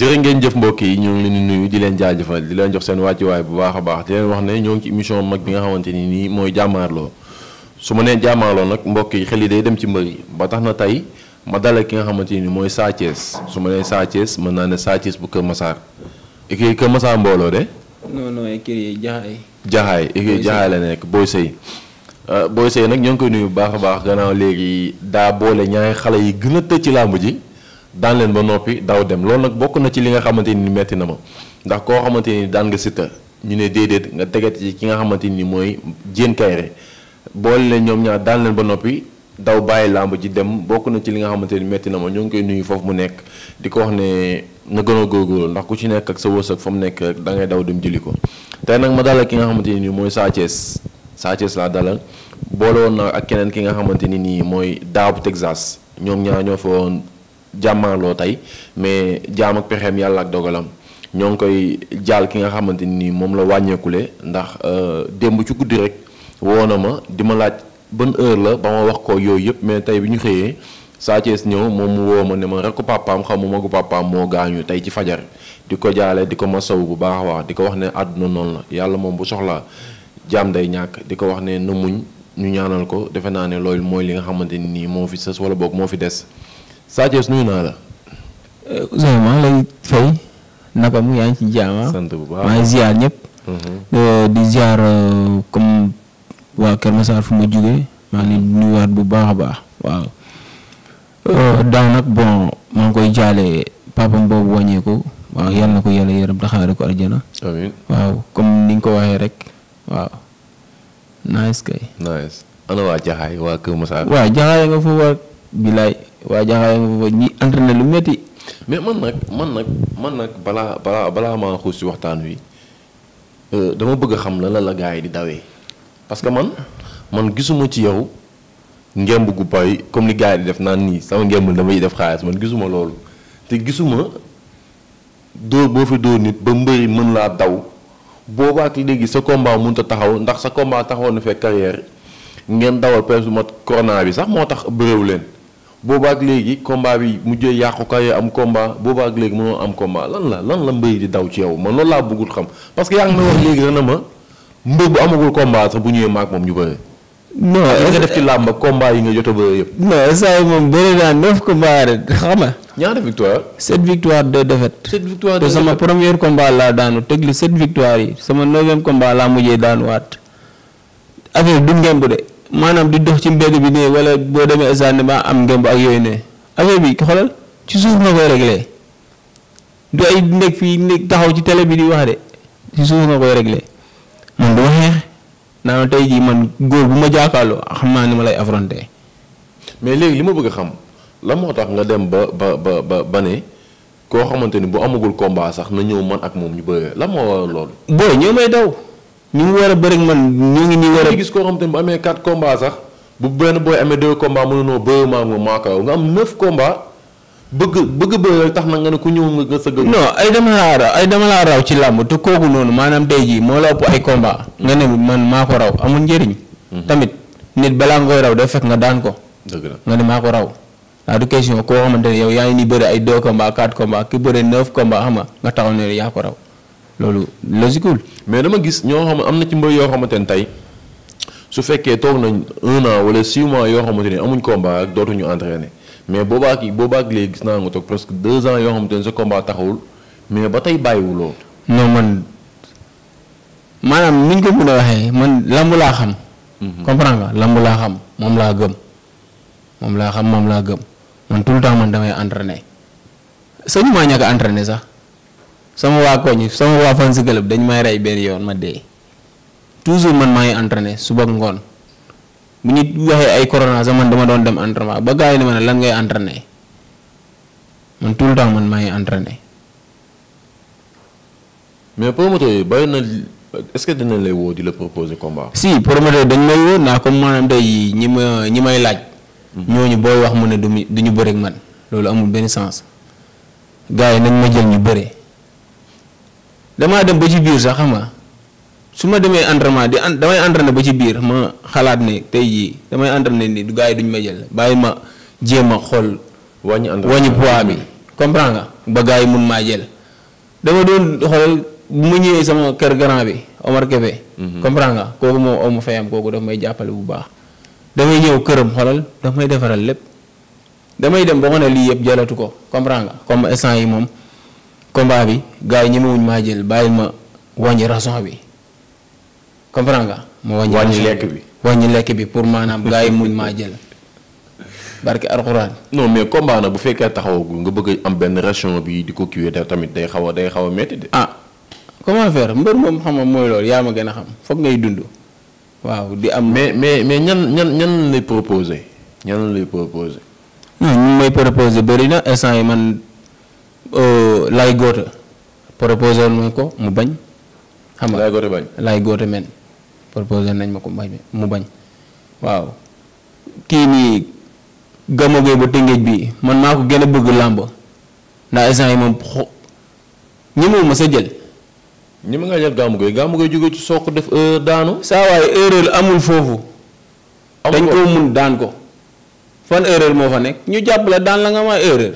jërë ngeen jëf mbokk yi ñoo ngi leen di nuyu di leen jaajëfal di leen jox seen wàccuwaay bu baax a baax di leen wax ne ñoo ngi ci émission mag bi nga xamante ni nii mooy jàmmaarloo su ma nee jàmmaarloo nag mbokk yi xel yi day dem ci mbër ba tax na tey ma dalal ki nga xamante ni mooy Sa su ma nee Sa mën naa ne Sa bu Kër Massar écurie Kër Massar mbooloo de. non non écurie Jaxaay. Jaxaay écurie Jaxaay la nekk Boy Sey. Euh, Boy Sey nag ñoo ngi koy nuyu bu baax a baax gannaaw léegi daa boole ñaari xale yi gën a tëj ci làmb ji daan leen ba noppi daw dem loolu nag bokk na ci li nga xamante ni metti na ma ndax koo xamante ni daan ñu ne déedéet nga teget ci ki nga xamante ni mooy Diène Kaïré boole ñoom ñaar daan ba noppi daw bàyyi làmb ji dem bokk na ci li nga xamante ni metti na ma ñoo ngi koy nuyu foofu mu nekk di ko wax ne na gën a ndax ku ci nekk ak sa wërsëg fa mu nekk da ngay daw dem jëli ko tey nag ma dalal ki nga xamante ni mooy Sa Thiès Sa Thiès laa na ak keneen ki nga xamante ni nii mooy Daabu Texas ñoom ñaa ñoo fa woon jàmmaarloo tey mais jaam ak pexeem yàlla ak dogalam ñoo ngi koy jaal ki nga xamante ni moom la wàññeekule ndax euh, démb ci guddi rek woo na ma di ma laaj ban heure la ba ma wax ko yooyu yëpp mais tey bi ñu xëyee Sa Thiès ñëw moom mu woo ma ne ma rakku papaam xamuma ma magu papaam moo gaañu tey ci fajar di ko jaale di ko ma masaw bu baax a wax di ko wax ne àdduna noonu la yàlla moom bu soxlaa jaam day ñàkk di ko wax ne na muñ ñu ñaanal ko defe naa ne loolu mooy li nga xamante ni moo fi sës wala boog moo fi des. Sa Thiès nuyu naa la. Ousseynou maa ngi lay fay naka mu yaa ngi ci jaama. sant bu baax maa di ziar comme waa Kër Masar fu ma jugee maa ngi nuyuwaat bu baax a baax waaw. daaw nag bon maa ngi koy jaale papam boobu wàññee ko waaw yal na ko yàlla yërëm taxaare ko arjana waaw comme ni nga ko waxee rek waaw. nice kay. nice ana waa Jaxaay waa Kër Masar. waaw Jaxaay nga foofu bilaay waa jaxaay nga fa ñi lu metti mais man nag man nag man nag balaa balaa balaa maa xuus ci waxtaan wi euh, dama bëgg a xam lan la la gars di dawee parce que man man gisuma ci yow ngemb gu bay comme ni gars di def naan nii sama ngemb damay def xaalis man gisuma loolu te gisuma dóor boo fi dóor nit ba mbëri mën laa daw boobaak léegi sa combat mënut a taxaw ndax sa combat taxawoon na fekk carrière ngeen dawal presque mat corona bi sax moo tax bëréew leen boobaak léegi combat bi mujjee yàqu kaay am combat boobaak léegi mënoo am combat lan la lan la mbëy di daw ci yow man loolu laa bëggul xam parce que yaa ngi may wax léegi na ma mbër bu amagul combat sax bu ñëwee maak moom ñu bëree. non def ci làmb combat yi nga jot a bëri yëpp. non saa yi moom bëri naa neuf combat rek xam nga. ñaata victoire. sept victoire deux défaites. sept victoire sama premier combat laa daanu teg li sept victoire yi sama neuvième komba laa mujjee daanuwaat affaire du ngeen bu de. maanaam di dox ci mbedd bi ne wala boo demee sànni ba am ngemb ak yooyu ne affaire bi xoolal ci suuf nga koy réglé du ay nekk fii nekk taxaw ci télé bi di wax de ci suuf nga koy réglé man du ma xeex naa tey jii man góor bu ma jàkkaarloo xam naa ni ma lay affronté. mais léegi li ma bëgg a xam la moo tax nga dem ba ba ba ne koo xamante ni bu amagul combat sax na ñëw man ak moom ñu bëre lan moo waral loolu. booy ñoo may daw. ñu mu war a bëri man ñoo ngi nii war a. gis koo xam te bu amee 4 combats sax bu benn booy amee 2 combats mënunoo bëri maa ngi maakaaw nga am 9 combats bëgg bëgg tax na nga ne ku ñëw nga sëgg. non ay dama laa ay dama laa raw ci làmb te kooku noonu maanaam tey jii moo la ëpp ay combats nga ne man maa ko raw amul njëriñ. Mhm. tamit nit balaa ngoy raw dafa fekk nga daan ko. dëgg nga ne maa ko raw. waaw du question koo xamante ne yow yaa ngi ni bëri ay 2 combats 4 combats ki bëri 9 combats xam nga nga taxaw ne yaa ko raw. loolu logiqueul mais dama gis ñoo xam am na ci mbër yoo xamante ne tey su fekkee toog nañ un an wala six mois yoo xamante ne amuñ combat ak dootuñu entraîné mais boobaak boobaak lee gis naa nga toog presque deux ans yoo xamante ne sa combat taxawul mais ba tey bàyyiwuloo. non man maanaam niñ ko mën a waxee man lamb laa xam. Mhm. comprendre nga lamb laa xam moom laa gëm moom laa xam moom laa gëm man tout le temps man damay entraîné sëñ bi maa ñàkk a sax. sama waa koñ sama waa fan si club dañ may rey benn yoon ma dee toujours man maa ngi entraîné suba ngoon bu ñu waxee ay corona sax man dama doon dem entraînement ba gars yi ne ne lan ngay entraîné man tout le temps man maa ngi entraîné. mais promoteur yi bàyyi na est que dinañ lay woo di la proposer combat. si promoteur dañ may woo naa comme maanaam tey ñi ma ñi may laaj. Mhm. ñooñu booy wax mu ne du ñu du man loolu amul benn sens. gars yi nañ ma jël ñu bëre. damaa dem ba ci biir sax xam nga su ma demee entrement di en damay entraîné ba ci biir ma xalaat ne tey jii damay entraîné ni du gars yi duñ ma jël bàyyi ma jéem a xool. wàññi wàññi poids bi comprends nga ba gars yi mun maa jël dama doon xool bu ma ñëwee sama kër grand bi Omar Kébé. Mhm. comprends nga kooku moom aw ma fayam kooku daf may jàppale bu baax. damay ñëw këram xoolal daf may defaral lépp damay dem ba ma ne lii yëpp jalatu ko comprends nga comme instant yi moom. combat bi gars yi ñemewuñ maa jël bàyyil ma wàññi raison bi comprendre nga. ma wàññi lekk bi wàññi lekk bi pour maanaam gars yi muñ maa jël barki alxuraan. non mais combat nag bu fekkee taxawagul nga bëgg am benn ration bi di ko kiiwee tamit day xaw a day xaw a métti de. ah comment faire mbër moom xam nga mooy loolu yaa ma gën a xam foog ngay dund. waaw di am mais mais mais ñan ñan ñan lay proposé ñan lay proposé. non ñu may proposé bëri instant yi man. Euh, lay Goota proposé woon ko mu bañ. xam nga Laye Goota bañ Laye men proposé nañ ma ko mu bañ waaw kii nii gamagee ba tëngéej bi man maa ko gën a bëgg làmb ndax instant yi moom ma sa jël. ñi ma nga def gàmmu goy gàmmu goy jóge soo ko def daanu. saa waaye erreur amul foofu. dañ koo mun daan ko fan erreur moo fa nekk ñu jàppale daan la nga ma erreur.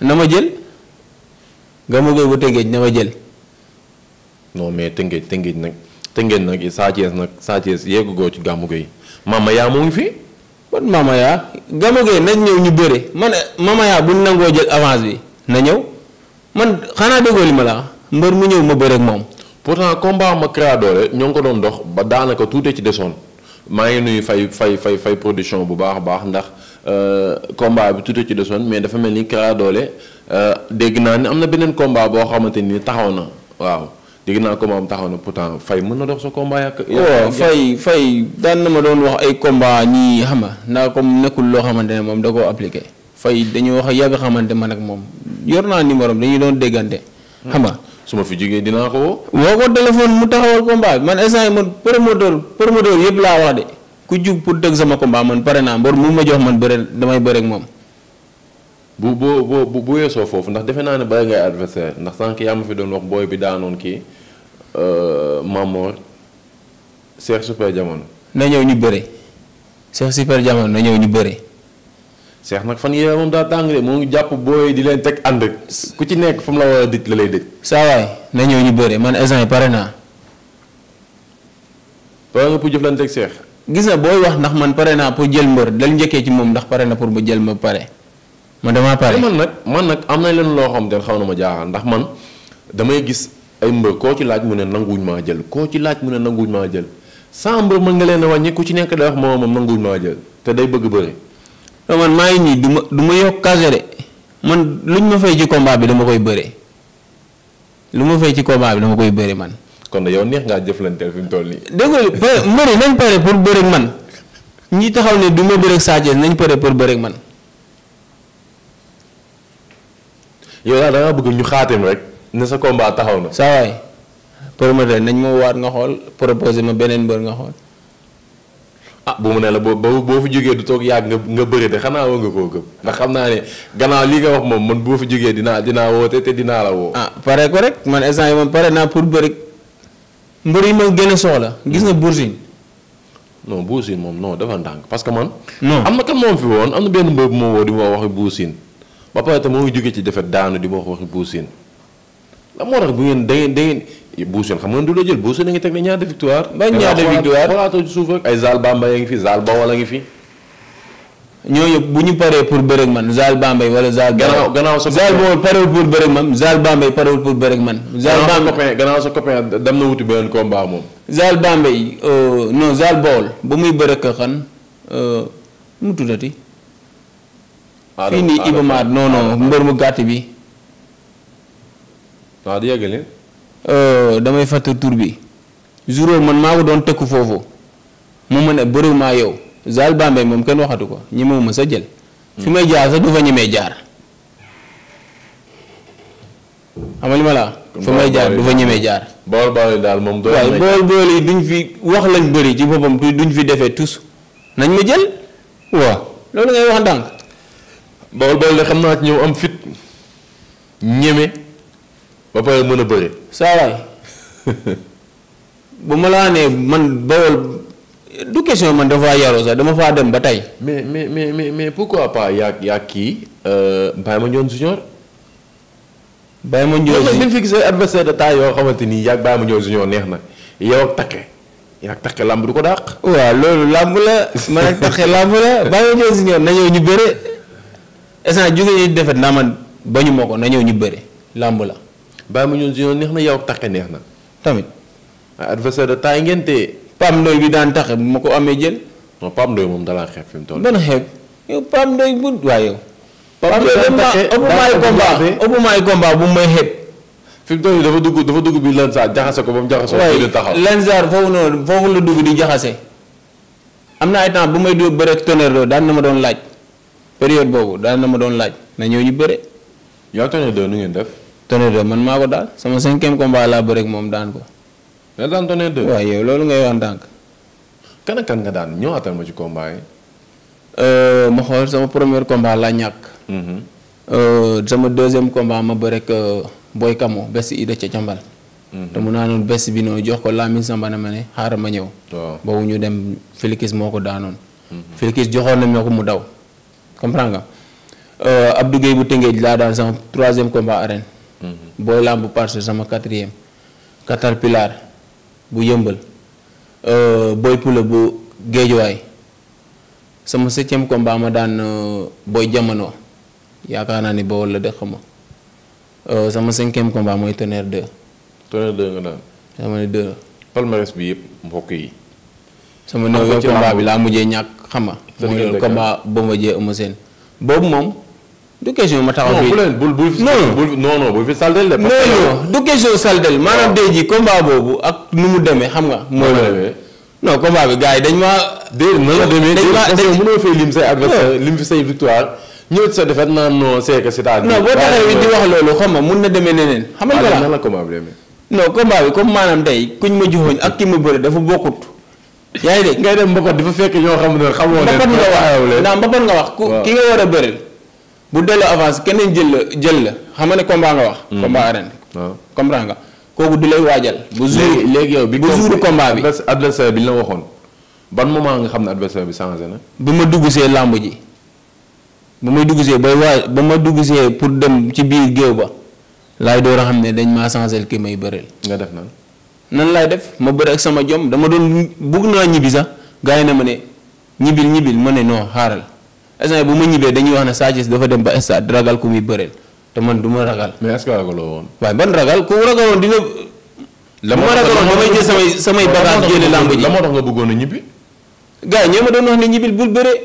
na ma jël Gamou Gueye bu Tëngéej na ma jël. non mais Tëngéej Tëngéej nag Tëngéej nag Sa Thiès nag Sa Thiès yeggu goo ci Gamou Gueye Mama yaa moo ngi fi. kon Mama yaa Gamou ñëw ñu bëre man eh, Mama yaa bu nangoo jël avance bi na ñëw man xanaa déggoo li ma la mbër mu ñëw ma bëre ak moom. pourtant combat ma créa doole ñoo ngi ko doon dox ba daanaka tuute ci desoon maa ngi nuyu fay fay fay fay production bu baax a baax ndax. Euh, combat bi tuuti ci desoon mais dafa mel ni Kara Dollé euh, dégg naa ni am na beneen combat boo xamante ni taxaw na waaw dégg naa combat am taxaw na pourtant Faye mën na dox sa combat yàq. waaw Faye na ma doon wax ay combat ñii xam nga ndax comme nekkul loo xamante ne moom da koo appliqué Faye dañuy wax yàgg xamante man ak moom yor naa numéro dañuy doon déggante. xam nga su ma fi jógee dinaa ko woo. woo ko téléphone mu taxawal combat bi man instant man promoteur promoteur yëpp laa wax de. ku jug pour dëgg sama combat man pare naa mbor mu ma jox man bëre damay bëre ak moom. bu bu bu bu weesoo foofu ndax defe naa ne bëri ngay adversaire ndax sànq yaa ma fi doon wax booy bi daanoon kii euh, Mamor Cheikh Super Jamono. na ñëw ñu bëre Cheikh Super Jamono na ñëw ñu bëre. Cheikh nag fan yii moom daa tàng de moo jàpp booy di leen teg ànd ku ci nekk fu mu la war a dëj la lay dëj. saa na ñëw ñu bëre man instant yi pare naa. pare nga pour jëflante ak Cheikh. gis nga booy wax ndax man pare naa pour jël mbër dal njëkkee ci moom ndax pare na pour mu jël ma pare man damaa pare. man nag man nag am na leen loo xam te xaw na ma jaaxal ndax man damay gis ay mbër koo ci laaj mu ne nanguwuñ maa jël koo ci laaj mu ne nanguwuñ maa jël sans mbër mën nga leen a wàññi ku ci nekk day wax moom moom nanguwuñ maa jël te day bëgg bëri. man maa ngi nii duma ma du ma yokk casé man luñ ma fay ci combat bi dama koy bëre lu ma fay ci combat bi dama koy bëre man. kon yow neex ngaa jëflanteel fi mu toll nii. dégg nga mbëri nañ pare pour bëreeg man ñi taxaw ne du ma bëreeg nañ pare pour bëreeg man. yow daal da nga bëgg ñu xaatim rek ne sa combat taxaw na. saa ma promoteur nañ ma waat nga xool proposé ma beneen mbër nga xool. ah bu mu nee la boo boo fi jógee du toog yàgg nga nga bëri de xanaa woo nga koo gëm ndax xam naa ne gannaaw lii nga wax moom man boo fi jógee dinaa dinaa woo te dinaa la woo. ah ko rek man instant yi man naa pour bëri. mbër yi ma gën a soxla gis nga Boursin. non Boursin moom non dafa ndànk parce que man. non am na kan moom fi woon am na benn mbër bu ma woo di ma waxi Boursin ba pare moo ngi jógee ci defet daanu di ma waxi Boursin la moo tax bu ngeen da ngeen da ngeen Boursin xam nga du la jël Boursin da nga teg ne ñaar de victoire. ñaar de victoire xalaatoo ci suuf ak ay Zal Bamba yaa ngi fi Zal Bawal a ngi fi. ñooñu bu ñu paree pour bëre man Zal Bambey wala Zal. gannaaw gannaaw sa parewul pour bëre ak man Zal Bambey parewul pour bëre man. Zal Bambey gannaaw sa copain dem na wuti beneen combat moom. Zal euh, ba muy bëre ak xan euh, mu tuddati. fii nii Ibamaat non non mbër mu gàtt bi. waaw di yeggali. Euh, damay fàttali tur bi. jour man maa ko doon tëkku foofu mu mën a bëriwumaa yow. Zal Bambey moom kenn waxatu ko ñemewu ma sa jël. fi may jaar sax du fa ñemee jaar. xam ma la fa may jaar du fa ñemee jaar. bool bool yi daal moom duñ fi wax lañ bëri ci boppam duñ fi defee tus nañ ma jël waaw loolu ngay wax ndànk. bool bool de xam naa ci ñëw am fit ñeme ba pare mën a bëri. saa bu ma laa nee man bool. du question man dafa yaroo sax dama faa dem ba tey. mais mais mais mais mais pourquoi pas yaa yaa kii euh, Baye ma Junior. Baye Mandione Junior dañ fi gis yoo xamante ni yaa Baye Mandione Junior neex na yow ak Takke yaa ak Takke làmb du ko dàq. waaw loolu làmb la man ak Takke làmb la Baye ñu bëre instant jóge ñu defet naa man bañu ma ko nañoo ñu bëre la. Baye Mandione Junior neex na yow ak Takke neex na. tamit. adversaire de taille ngeen Pam Ndoy bi daan taxe bu ma ko amee jël. non Pam Ndoy moom dalaa xeeb fi mu toll. dana xeeb yow Pam Ndoy bu waaye yow. Pam Ndoy maay combat bu may xeeb. fi mu toll dafa dugg dafa dugg bi Lansar jaxase ko ba mu jaxasoo. waaye Lansar foofu noonu foofu la dugg di jaxase. am na ay temps bu may doo bëre ak Tonnerre daan na ma doon laaj période boobu daan na ma doon laaj na ñëw ñu bëre. yow Tonnerre Lo nu def. Tonnerre Lo man maa ko daal sama cinquième combat laa bëre moom daan ko. nga daan tonné deux. yow loolu ngay wax ndànk. kan nga daan ñëwaatal ma ci combat yi. Euh, ma xool sama premier combat la ñàkk. Mhm. Euh, sama deuxième combat ma bëre ak euh, Boy Kamo bés yi da ca jambal. Mhm. te mu naanoon bés bi noonu jox ko Lamine Samba ne ma ne xaaral ma ñëw. boobu ñu dem Félix moo ko daanoon. Mhm. Félix joxoon nañ ma ko mu daw. comprends nga Abdou bu Tëngéej laa daan sama troisième combat arène. Boy Lamb parce sama quatrième. Caterpillar. bu yëmbal euh, Boy Pula bu géejuwaay sama septième combat ma daan euh, Boy Jamono yaakaar naa ni Bawol la dëkk ma euh, sama cinquième combat mooy Tonnerre 2. Tonnerre 2 nga daan. sama deux. palmarès bi yëpp mbokk yi. sama néew combat bi laa mujjee ñàkk xama mooy loolu combat Bombardier Eumeu Sène boobu moom. du question ma taxaw fii non bu non non bu fi saldel de. non non du question saldel maanaam tey jii combat boobu ak nu mu demee xam nga. mooy non combat bi gars yi dañ maa. déedéet na la demee déedéet parce que mënoo fay lim say adversaire lim fi say victoire ñëw sa defet naan non c'est que c'est à dire. non boo taxawee di wax loolu xam nga mun na demee neneen. xam nga lan la combat bi demee. non combat bi comme maanaam tey kuñ ma joxoon ak ki ma bëri dafa bokkut. yaa ngi dégg ngay dem mbapat di fa fekk ñoo xam ne xamoo leen. mbapat nga wax mbapat nga wax ku ki nga war a bëri bu delloo avance keneen jël la jël la xam nga ne combat nga wax. Hmm. combat arène. waaw comprendre nga kooku du lay waajal. bu jour léegi yow bi bu jour combat bi. adversaire la waxoon ban moment nga xam ne adversaire bi changé na. bu ma dugg see làmb ji ba may dugg see bay waaj ba ma dugg see pour dem ci biir géew ba laay door a xam ne dañ maa changé ki may bëreel. nga def nan. nan laay def ma bëri ak sama jom dama doon bugg naa ñibbi sax gars yi ne ma ne ñibbil ñibbil ma ne non xaaral. instant bu ma ñibbee dañuy wax ne Sa Thiès dafa dem ba stade ragal ku muy bëreel te man du ma ragal. mais est-ce que ragaloo woon. waaye ban ragal ku ragaloon dina. la ma ragaloon may jël samay samay bagages jëlee lamb ji la bëggoon a ñibbi. gars yi ñoo ma doon wax ne ñibbil bul bëree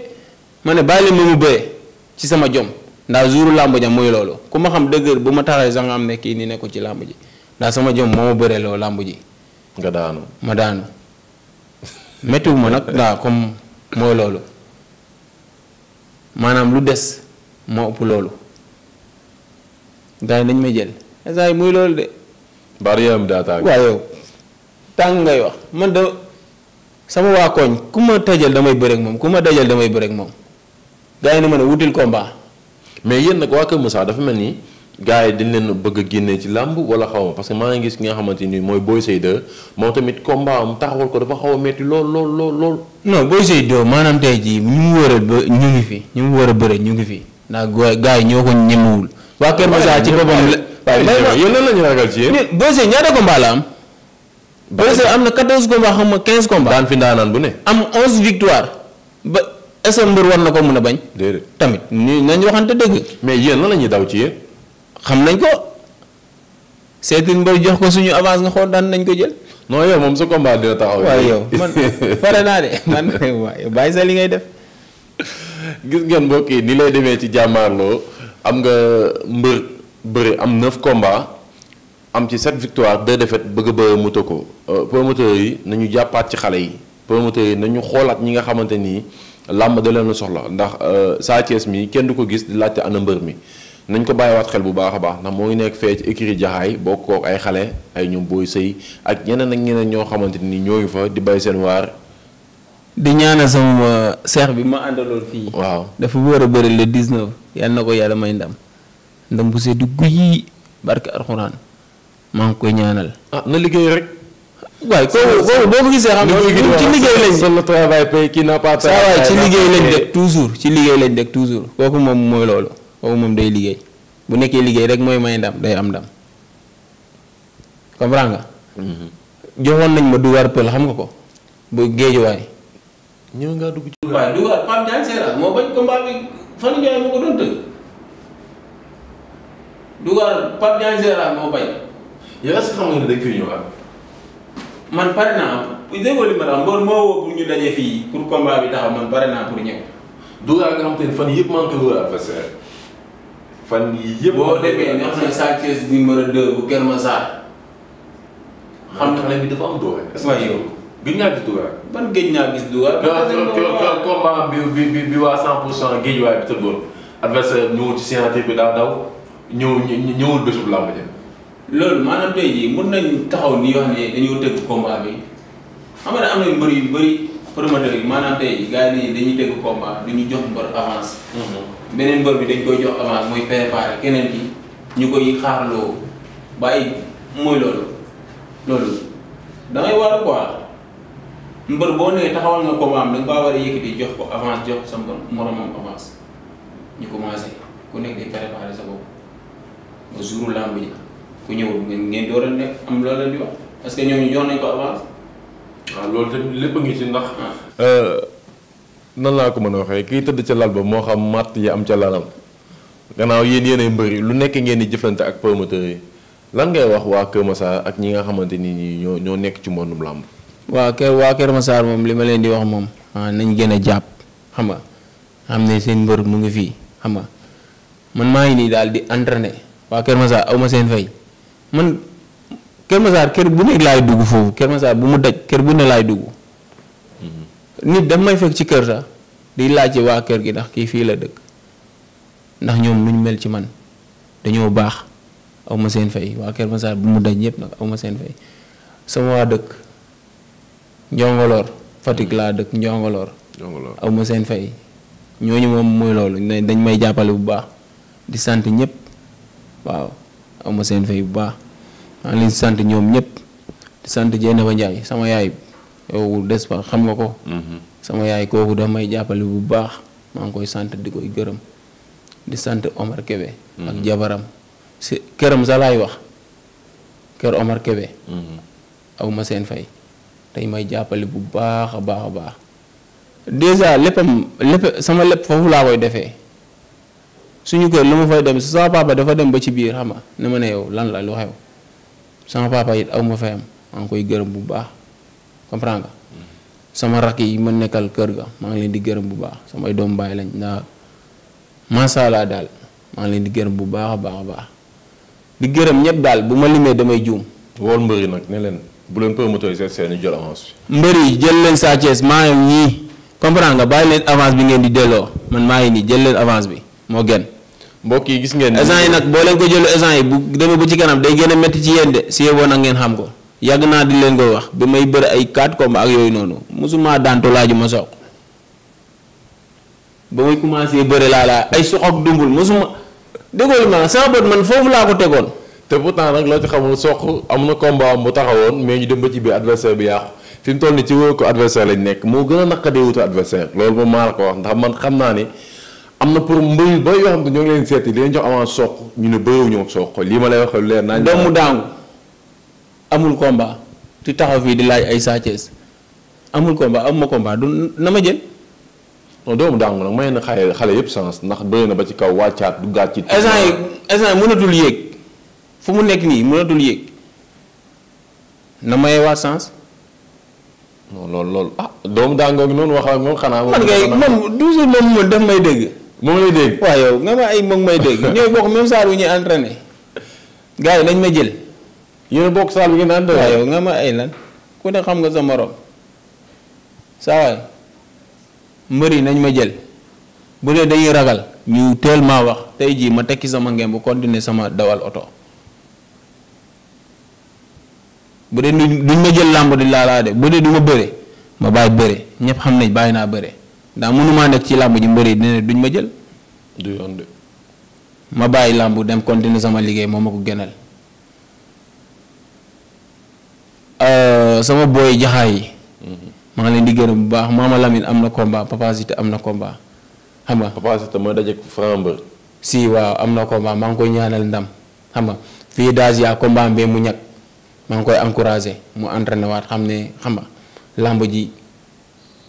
ma ne bàyyi ma mu bëree ci sama jom ndax jouru làmb ja mooy loolu ku ma xam dëgg bu ma taxawee sax nga am ne kii nii ci làmb ji ndax sama jom moo ma bëree làmb ji. nga daanu ma daanu méttiwu ma nag daa comme mooy loolu. maanaam lu des moo ëpp loolu gars yi nañ may jël saa yi muy loolu de. bari yaram daa tàng. waaw yow tàng ngay wax man da sama waa koñ ku ma tajal damay bëreeg moom ku ma dajal damay bëreeg moom gars yi ne ma ne wutil combat. mais yéen nag waa Kër Moussa dafa mel nii gars yi dañ leen bëgg a génne ci làmb wala xaw ma parce que maa ngi gis ki nga xamante ni mooy Boy Seye 2 moom tamit combat ko dafa xaw a metti lool lool lool lool. non maanaam tey jii mu war a ñu ngi fi ñu mu war a bëre ñu ngi fi ndax gars yi ñoo ko ñemewul. waa Kër Moussa ci boppam la. waaye yéen lan la ñu ragal ci yéen. Boy Seye ñaata xam nga 15 combats. daan fi ndaanaan bu am 11 victoire ba est-ce ko mën a bañ. tamit ñu nañu waxante dëgg. mais yéen lan la ñuy daw ci yéen xam nañ ko seetin mbër jox ko suñu avance nga xool daan nañ ko jël. non yow moom sa combat dina taxaw. waaw yow man fare naa de man waaye bàyyi sa li ngay def. gis ngeen mbokk yi ni lay demee ci jàmmaarloo am nga mbër bëri am 9 combats am ci 7 victoire de défaites bëgg a bëri moto ko euh, promoteurs yi nañu jàppaat ci xale yi promoteurs yi nañu xoolaat ñi nga xamante ni làmb da leen soxla ndax euh, Sa Thiès mii kenn du ko gis di laajte ana mbër mi. nañ ko bàyyiwaat xel bu baax a baax ndax moo ngi nekk fee ci écurie jaxaay bokk kook ay xale ay ñoom booy sëy ak ñeneen ak ñeneen ñoo xamante nii ñooyu fa di bay seen waar. di ñaanal sama euh, seex bi ma àndaloon fii. waaw dafa war a bëri le 19 yal na ko yàlla may ndam ndam bu see dugg yii barke alxuraan maa ngi koy ñaanal. ah na liggéey rek. waaye boo ko gisee xam nga ci liggéey n'a pas travail. saa ci liggéey lañ dëkk toujours ci liggéey lañ dëkk toujours kooku moom mooy loolu. boobu moom day liggéey bu nekkee liggéey rek mooy may ndam day am ndam comprends mhm. joxoon nañ ma Dugar Pël xam nga ko bu géejuwaay. ñëw ngaa dugg ci. waaw Dugar moo bañ combat bi fan Ndiaye moo ko doon tëgg Dugar Pape Diagne Seera moo bañ. yow est xam nga ne dañ fi ñëwaat. man pare naa déggoo li ma la mboor moo woo pour ñu daje fii pour combat bi taxaw man pare naa pour ñëw. Dugar nga xam te fan yëpp maa ngi koy wër fan yii yëpp. boo demee neex na Sa Thiès numéro 2 bu Kër Massar. xam xale bi dafa am doole. est-ce que yow gëj naa gis Dugar. ban gëj bi bi bi bi waa 100 pour cent bi tëddoon. adversaire ñëwul ci signature bi daa taxaw ni wax ne dañoo tëgg am na mbër yu bëri promoteurs maanaam tey gars yi dañuy tëgg combat du ñu jox mbër avance. Mm-hmm. beneen mbër bi dañ koy jox avance muy préparé keneen ki ñu koy xaarloo bàyyi mooy loolu loolu da ngay war a quoi mbër boo nee taxawal nga combat am da nga war a yëkkati jox ko avance jox sa moromam avance ñu commencé ku nekk di préparé sa bopp ba jouru làmb ji ku ñëwul ngeen door a nekk am loolu la di wax parce que ñooñu jox nañ ko avance. waaw loolu tamit lépp a ngi ci ndax. Ah. Euh, nan laa ko mën a waxee kiy tëdd ca lal ba moo xam matt yi am ca lalam gannaaw yéen yéenay mbëri lu nekk ngeen di jëflante ak promoteurs yi lan ngay wax waa Kër Massar ak ñi nga xamante ni ñi ñoo ñoo nekk ci mbondum làmb waa kër waa Kër Massar moom li ma leen di wax moom ah, nañ gën a jàpp xam nga xam ne seen mbër mu ngi fii xam nga man maa ngi nii daal di entraîné waa Kër Massar aw ma seen fay man Kër Massar kër bu nekk laay dugg foofu Kër Massar bu mu daj kër bu laay dugg nit dam may fekk ci kër sax di laajte waa kër gi ndax kii fii la dëkk ndax ñoom nuñ mel ci man dañoo baax awma seen fay waa Kër Masar bu mu daj ñëpp nag aw ma seen fay dëkk njongoloor Fatick laa dëkk njongoloor aw ma seen fay ñooñu moom mooy loolu dañ may jàppale bu baax di sant ñëpp waaw aw ma seen fay bu baax maa leen sant ñoom ñëpp di sant Jeynaba Njaay sama yaay yow des fa xam nga ko. Mm-hmm. sama yaay kooku da may jàppale bu baax maa ngi koy sant di koy gërëm di sant Omar Kébé. ak mm-hmm. jabaram si këram sa laay wax kër Omar Kébé. Mm-hmm. aw ma seen fay tey may jàppale bu baax a baax a baax dèjà léppam lépp sama lépp foofu laa koy defee suñu kër lu ma fay dem sama papa dafa dem ba ci biir xam nga ne ma ne yow lan la lu xew sama papa it aw ma maa ngi koy gërëm bu baax. comprends nga sama rakk yi ma nekkal kër ga maa ngi leen di gërëm bu baax samay doom bàyyi lañ ndax macha allah daal maa ngi leen di gërëm bu baax a baax baax di gërëm ñëpp daal bu ma limee damay juum. wool mbër yi nag ne leen bu leen promoteur yi seen jël avance bi. mbër yi jël leen Sa Thiès maa ngi ñii comprends nga bàyyi leen avance bi ngeen di delloo man maa ngi nii jël leen avance bi moo gën. mbokk yi gis ngeen. agent yi nag boo leen ko jëlu agent yi bu a métti ci de si yeboo ngeen xam ko. yàgg naa di leen koy wax bi may bëri ay quatre combats ak yooyu noonu mosuma daan tolaaju ma soq ba may commencé bëri laa laa ay sox ak dumbul mosuma déggoo ma sama bët laa ko tegoon. te pourtant nag loo ci xamul soq am na combat am taxawoon mais ñu dem ba ci biir adversaire bi yàqu fi mu toll ci wóor ko adversaire lañ nekk moo gën a naqadee wutu adversaire loolu moom maa la ko wax ndax man xam naa ni. am na pour mbëy ba yoo xam ne ñoo ngi leen seeti di leen jox avance soq ñu ne bëriwuñu soq lii ma lay wax leen naa. doomu daangu. amul combat ci taxaw fii di laaj ay Sa Thiès amul combat amuma combat du na ma jël. non doomu daangu nag may na xale xale yëpp sens ndax doy na ba ci kaw wàccaat du gàcc. instant yi instant mënatul yéeg fu mu nekk nii mënatul yéeg na maye waat sens. non loolu loolu ah doomu daangoog noonu wax xanaa. man kay moom may dégg. moom lay dégg. waaw yow nga ma ay moom may dégg ñooy bokk même saa yu ñuy entraîné gars yi nañ ma jël. yéen a bokk saal bi ngeen naan doon. waaw yow nga ma ay lan ku ne xam nga sa morom saa waay mbër yi nañ ma jël bu dee dañuy ragal ñu teel maa wax tey jii ma tekki sama ngeen bu continuer sama dawal oto bu dee duñ ma jël làmb di laalaa de bu dee du ma bëre ma bàyyi bëre ñëpp xam nañ bàyyi naa bëre ndax mënumaa nekk ci làmb ji mbër yi duñ ma jël. ma bàyyi làmb dem continuer sama liggéey moom ma ko gënal. Euh, sama booy jaxaay yi. Mhm. maa ngi leen di gërëm bu baax Mama Lamine am na combat Papa Zita am na komba xam nga. Papa Zita ma daje Franc si waaw am na combat maa ngi koy ñaanal ndam xam nga fii daas yaa combat mbee mu ñàkk maa ngi koy encouragé mu entraîné waat xam ne xam nga làmb ji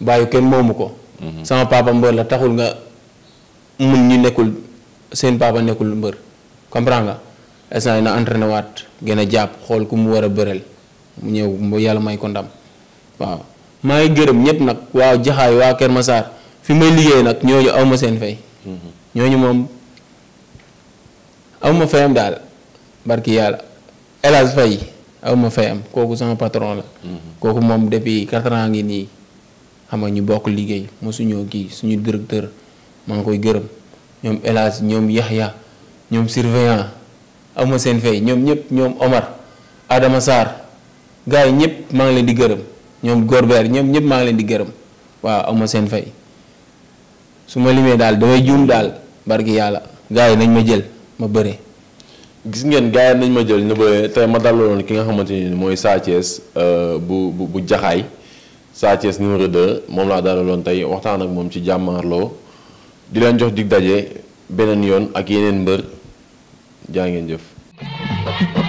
bàyyi kenn moomu ko. Mhm. sama papa mbër la taxul nga mun ñu nekkul seen papa nekkul mbër comprendre nga instant na entraîné waat gën a jàpp xool ku mu war a bëreel. mu ñëw yàlla may ko ndam waaw maa ngi gërëm ñëpp nag waa jaxaay waa Kër Massar fi may liggéey nag ñooñu aw ma seen fay. Mhm. ñooñu moom aw daal barki yàlla El Hadj Faye kooku sama la. Mhm. kooku moom depuis quatre ngi nii xam nga ñu bokk liggéey mosuñoo kii suñu directeur maa ngi koy gërëm ñoom El ñoom Yaxya ma seen fay ñoom ñëpp ñoom Omar Adama Sarr. gars yi ñëpp maa ngi leen di gërëm ñoom Gorber ñoom ñëpp maa ngi leen di gërëm waaw am ma seen fay su ma limee daal damay juum daal barki yàlla gars yi nañ ma jël ma bëre. gis ngeen gars yi nañ ma jël ñu bëree tey ma dalaloon ki nga xamante ni mooy Sa Thiès euh, bu bu bu jaxaay Sa Thiès numéro 2 moom laa dalaloon tey waxtaan ak moom ci jàmmaarloo di leen jox di daje beneen yoon ak yeneen mbër jaa ngeen jëf.